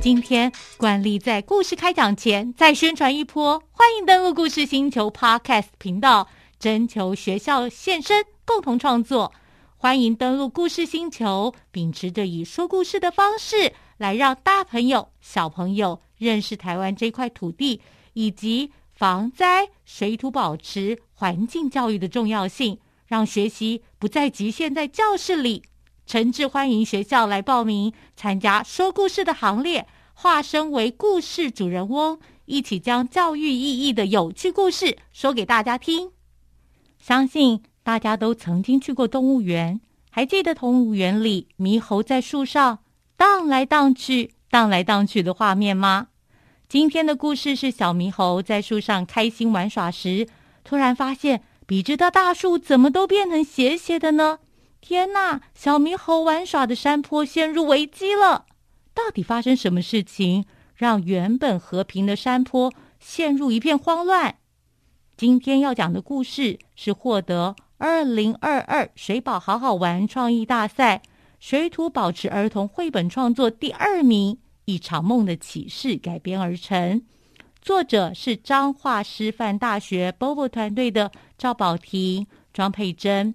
今天慣例在故事開講前再宣傳一波，歡迎登錄故事星球 Podcast 頻道，徵求學校現身共同創作。歡迎登錄故事星球，秉持着以說故事的方式來讓大朋友、小朋友認識台灣這塊土地，以及防災、水土保持、環境教育的重要性，讓學習不再局限在教室裡。誠摯歡迎學校來報名參加說故事的行列，化身為故事主人翁，一起將教育意義的有趣故事說給大家聽。相信大家都曾經去過動物園，還記得動物園裡獼猴在樹上盪來盪去、盪來盪去的畫面嗎？今天的故事是小獼猴在樹上開心玩耍時，突然發現筆直的大樹怎麼都變成斜斜的呢？天吶！小獼猴玩耍的山坡陷入危機了。到底發生什麼事情，讓原本和平的山坡陷入一片慌亂？今天要講的故事是獲得二零二二水保好好玩創意大賽水土保持兒童繪本創作第二名《一場夢的啟示》改編而成。作者是彰化師範大學 BOBO 團隊的趙寶婷、莊佩蓁。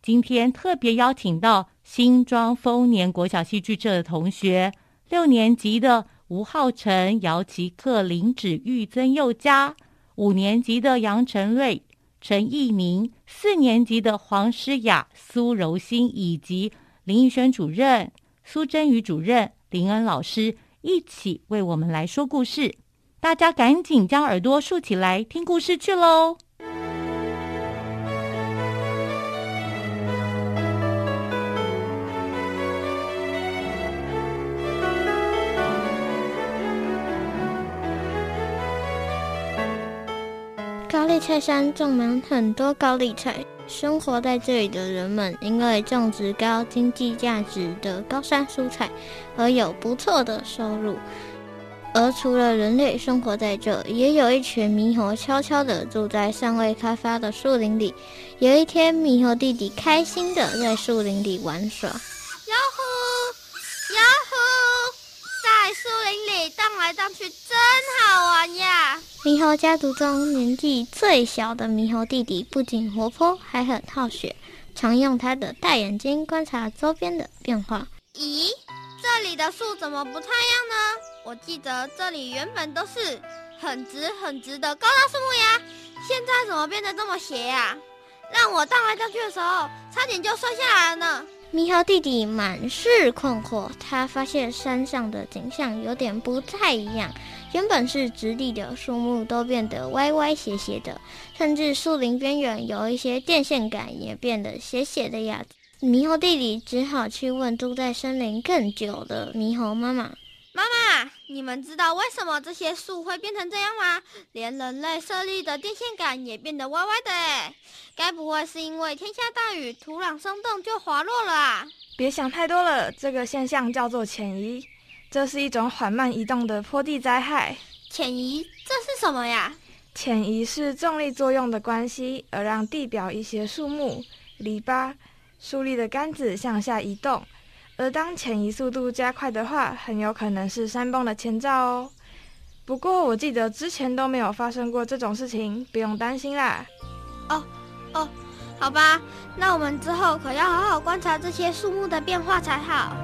今天特別邀請到新莊豐年國小戲劇社的同學，六年級的吳昊宸、姚其克、林芷聿、曾宥嘉，五年級的楊宸睿、陳奕甯，四年級的黃詩雅、蘇柔昕，以及林義軒主任、蘇貞瑜主任、林恩老師，一起為我們來說故事。大家趕緊將耳朵豎起來聽故事去嘍！菜山種滿很多高麗菜，生活在這裡的人們因為種植高經濟價值的高山蔬菜而有不錯的收入。而除了人類生活在這，也有一群獼猴悄悄的住在尚未開發的樹林裡。有一天，獼猴弟弟開心的在樹林裡玩耍。獼猴家族中年紀最小的獼猴弟弟，不僅活潑，還很好學，常用他的大眼睛觀察周邊的變化。咦，這裡的樹怎麼不太一樣呢？我記得這裡原本都是很直很直的高大樹木呀，現在怎麼變得這麼斜呀，啊？讓我盪來盪去的時候，差點就摔下來了呢。獼猴弟弟滿是困惑，他發現山上的景象有點不太一樣。原本是直立的樹木都變得歪歪斜斜的，甚至樹林邊緣有一些電線桿也變得斜斜的呀。獼猴弟弟只好去問住在森林更久的獼猴媽媽：“媽媽，你們知道為什麼這些樹會變成這樣嗎？連人類設立的電線桿也變得歪歪的誒，該不會是因為天下大雨，土壤鬆動就滑落了啊？”別想太多了，這個現象叫做潛移。這是一種緩慢移動的坡地災害，潛移。這是什麼呀？潛移是重力作用的關係，而讓地表一些樹木、籬笆、豎立的桿子向下移動。而當潛移速度加快的話，很有可能是山崩的前兆哦。不過我記得之前都沒有發生過這種事情，不用擔心啦。哦，哦，好吧，那我們之後可要好好觀察這些樹木的變化才好。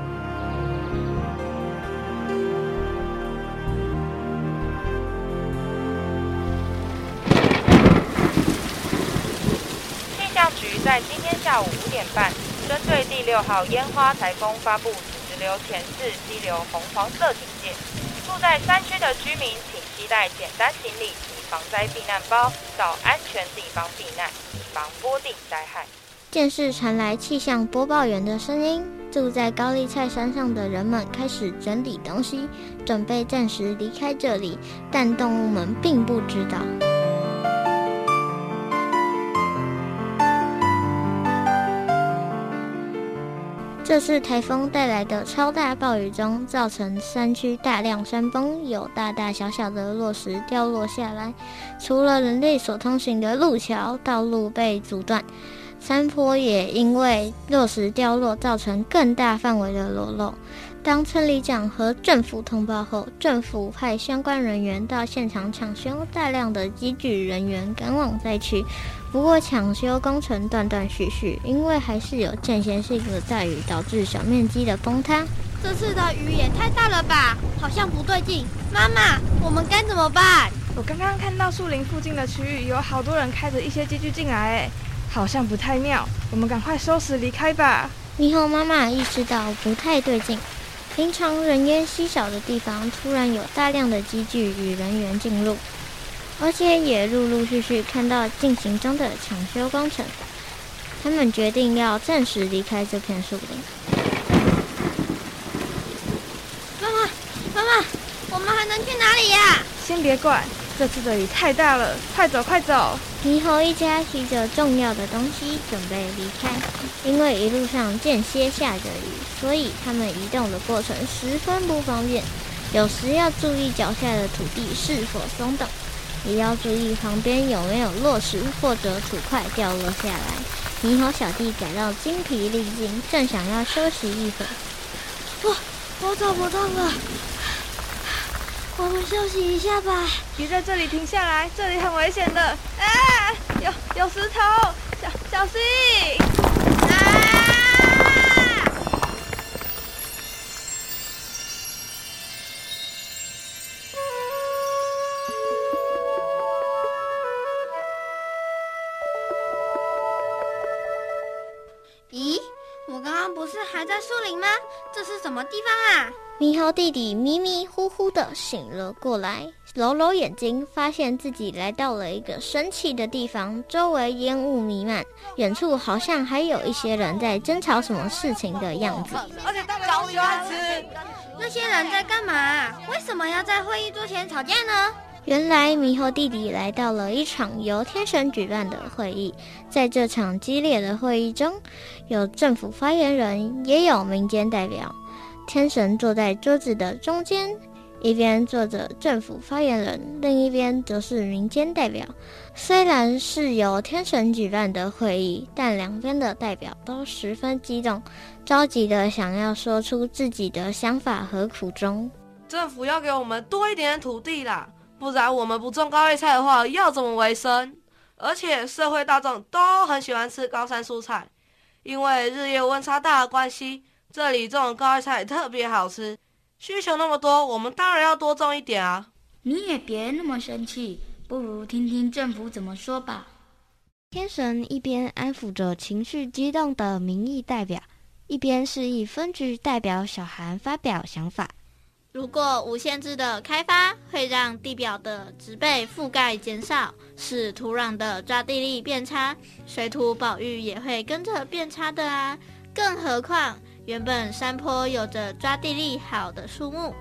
在今天下午五點半，針對第六號煙花颱風發布土石流、潛勢溪流紅、黃色警戒。住在山區的居民，請攜帶簡單行李及防災避難包，到安全地方避難，以防坡地災害。電視傳來氣象播報員的聲音，住在高麗菜山上的人們開始整理東西，準備暫時離開這裡。但動物們並不知道。這次台風帶來的超大暴雨中，造成山區大量山崩，有大大小小的落石掉落下來。除了人類所通行的路橋道路被阻斷，山坡也因為落石掉落造成更大範圍的裸露。當村里長和政府通報後，政府派相關人員到現場搶修，大量的機具人員趕往災區。不過搶修工程斷斷續續，因為還是有間歇性的大雨導致小面積的崩塌。這次的雨也太大了吧？好像不對勁。媽媽，我們該怎麼辦？我剛剛看到樹林附近的區域有好多人開着一些機具進來，哎，好像不太妙，我們趕快收拾離開吧。獼猴媽媽意識到不太對勁，平常人煙稀少的地方突然有大量的機具與人員進入。而且也陸陸續續看到進行中的搶修工程，他們決定要暫時離開這片樹林。媽媽，媽媽，我們還能去哪裡呀、啊？先別管，這次的雨太大了，快走，快走！獼猴一家提着重要的東西準備離開，因為一路上間歇下着雨，所以他們移動的過程十分不方便，有時要注意腳下的土地是否鬆動。也要注意旁邊有沒有落石或者土塊掉落下來。你好，小弟，感到筋疲力盡，正想要休息一會兒。不，我走不動了。我們休息一下吧。別在這裡停下來，這裡很危險的。哎、啊，有有石頭，小小心。林嗎？這是什麼地方啊？獼猴弟弟迷迷糊糊的醒了過來，揉揉眼睛，發現自己來到了一個神奇的地方，周圍煙霧瀰漫，遠處好像還有一些人在爭吵什麼事情的樣子。而且他們吵的很吃。那些人在幹嘛？為什麼要在會議桌前吵架呢？原來獼猴弟弟來到了一場由天神舉辦的會議。在這場激烈的會議中，有政府發言人，也有民間代表。天神坐在桌子的中間，一邊坐着政府發言人，另一邊則是民間代表。雖然是由天神舉辦的會議，但兩邊的代表都十分激動，着急地想要說出自己的想法和苦衷。政府要給我們多一點土地啦！不然我們不種高麗菜的話，要怎麼維生？而且社會大眾都很喜歡吃高山蔬菜，因為日夜溫差大的關係，這裡種高麗菜特別好吃。需求那麼多，我們當然要多種一點啊！你也別那麼生氣，不如聽聽政府怎麼說吧。天神一邊安撫着情緒激動的民意代表，一邊示意分局代表小韓發表想法。如果無限制的開發，會讓地表的植被覆蓋減少，使土壤的抓地力變差，水土保育也會跟着變差的啊！更何況，原本山坡有着抓地力好的樹木，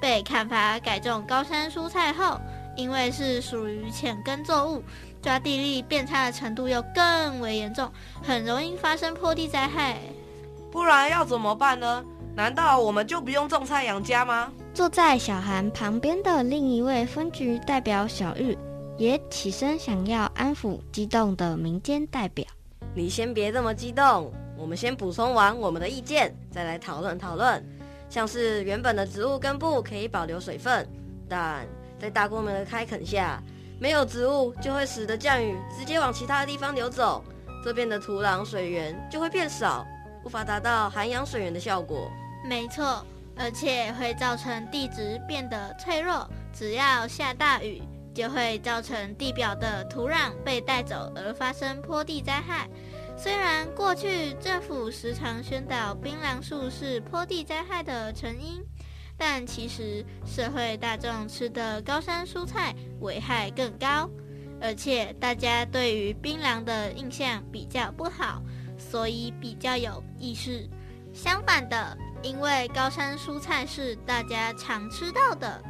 被砍伐改種高山蔬菜後，因為是屬於淺根作物，抓地力變差的程度又更為嚴重，很容易發生坡地災害。不然要怎麼辦呢？難道我們就不用種菜養家嗎？坐在小韓旁邊的另一位分局代表小玉，也起身想要安撫激動的民間代表。你先別這麼激動，我們先補充完我們的意見，再來討論討論。像是原本的植物根部可以保留水分，但在大規模的開墾下，沒有植物就會使得降雨直接往其他地方流走，這邊的土壤水源就會變少。無法達到涵養水源的效果。沒錯，而且會造成地質變得脆弱，只要下大雨就會造成地表的土壤被帶走而發生坡地災害。雖然過去政府時常宣導檳榔樹是坡地災害的成因，但其實社會大眾吃的高山蔬菜危害更高，而且大家對於檳榔的印象比較不好。所以比較有意識，相反的，因為高山蔬菜是大家常吃到的，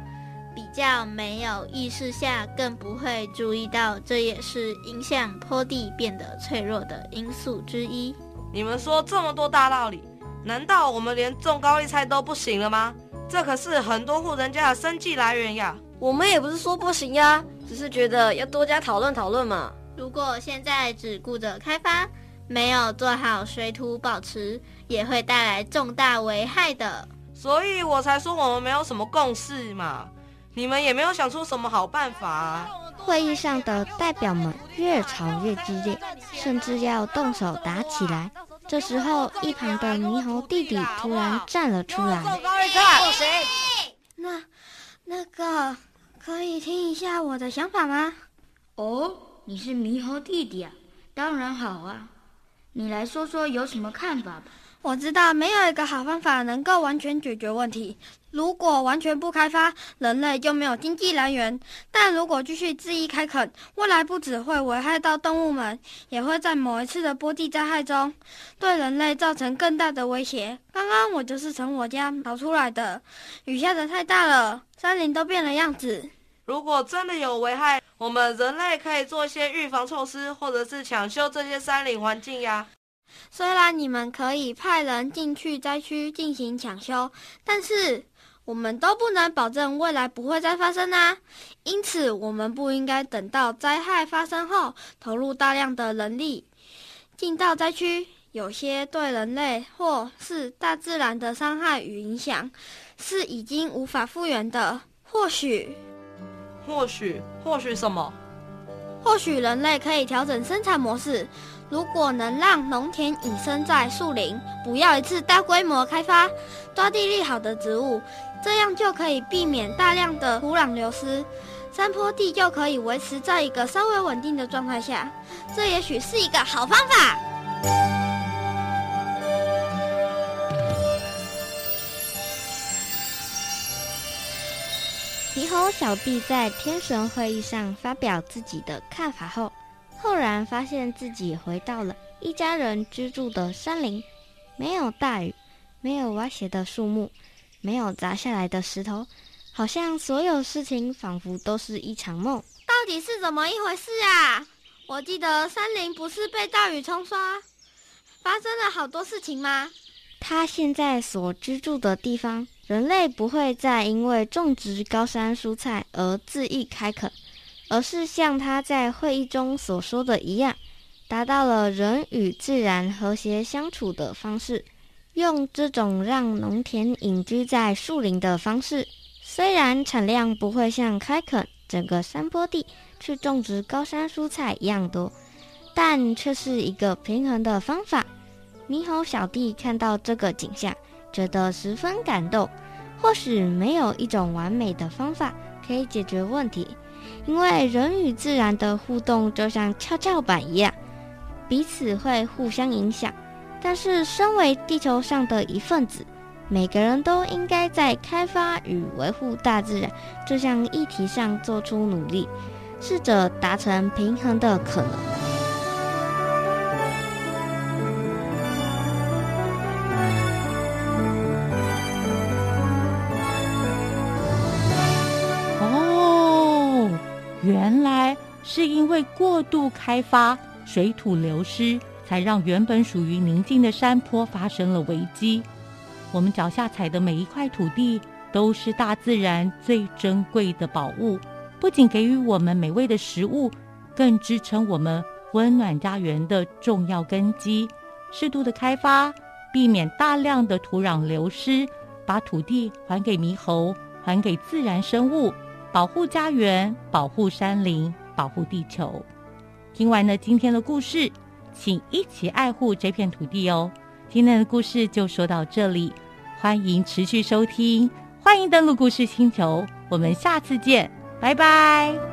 比較沒有意識下，更不會注意到這也是影響坡地變得脆弱的因素之一。你們說這麼多大道理，難道我們連種高麗菜都不行了嗎？這可是很多戶人家的生計來源呀。我們也不是說不行呀、啊，只是覺得要多加討論討論嘛。如果現在只顧着開發。沒有做好水土保持，也會帶來重大危害的。所以我才說我們沒有什麼共識嘛。你們也沒有想出什麼好辦法啊。會議上的代表們越吵越激烈，甚至要動手打起來。這時候，啊、一旁的獼猴弟弟突然站了出來：“這這那，那個，可以聽一下我的想法嗎？”哦，你是獼猴弟弟啊，當然好啊。你來說說有什麼看法吧。我知道沒有一個好方法能夠完全解決問題。如果完全不開發，人類就沒有經濟來源；但如果繼續肆意開墾，未來不只會危害到動物們，也會在某一次的坡地災害中對人類造成更大的威脅。剛剛我就是從我家逃出來的，雨下得太大了，山林都變了樣子。如果真的有危害，我們人類可以做一些預防措施，或者是搶修這些山林環境呀。雖然你們可以派人進去災區進行搶修，但是我們都不能保證未來不會再發生啊。因此，我們不應該等到災害發生後投入大量的人力進到災區。有些對人類或是大自然的傷害與影響是已經無法復原的，或許。或許，或許什麼？或許人類可以調整生產模式。如果能讓農田隱身在樹林，不要一次大規模開發，抓地力好的植物，這樣就可以避免大量的土壤流失，山坡地就可以維持在一個稍微穩定的狀態下。這也許是一個好方法。後小畢在天神會議上發表自己的看法後，赫然發現自己回到了一家人居住的山林，沒有大雨，沒有歪斜的樹木，沒有砸下來的石頭，好像所有事情仿佛都是一場夢。到底是怎麼一回事啊？我記得山林不是被大雨沖刷，發生了好多事情嗎？他現在所居住的地方。人類不會再因為種植高山蔬菜而恣意開墾，而是像他在會議中所說的一樣，達到了人與自然和諧相處的方式。用這種讓農田隱居在樹林的方式，雖然產量不會像開墾整個山坡地去種植高山蔬菜一樣多，但卻是一個平衡的方法。獼猴小弟看到這個景象。覺得十分感動。或許沒有一種完美的方法可以解決問題，因為人與自然的互動就像蹺蹺板一樣，彼此會互相影響。但是，身為地球上的一份子，每個人都應該在開發與維護大自然這項議題上做出努力，試着達成平衡的可能。是因為過度開發、水土流失，才讓原本屬於寧靜的山坡發生了危機。我們腳下踩的每一塊土地，都是大自然最珍貴的寶物，不僅給予我們美味的食物，更支撐我們溫暖家園的重要根基。適度的開發，避免大量的土壤流失，把土地還給獼猴，還給自然生物，保護家園，保護山林。保護地球。聽完了今天的故事，請一起愛護這片土地哦。今天的故事就說到這裡，歡迎持續收聽，歡迎登陸故事星球，我們下次見，拜拜。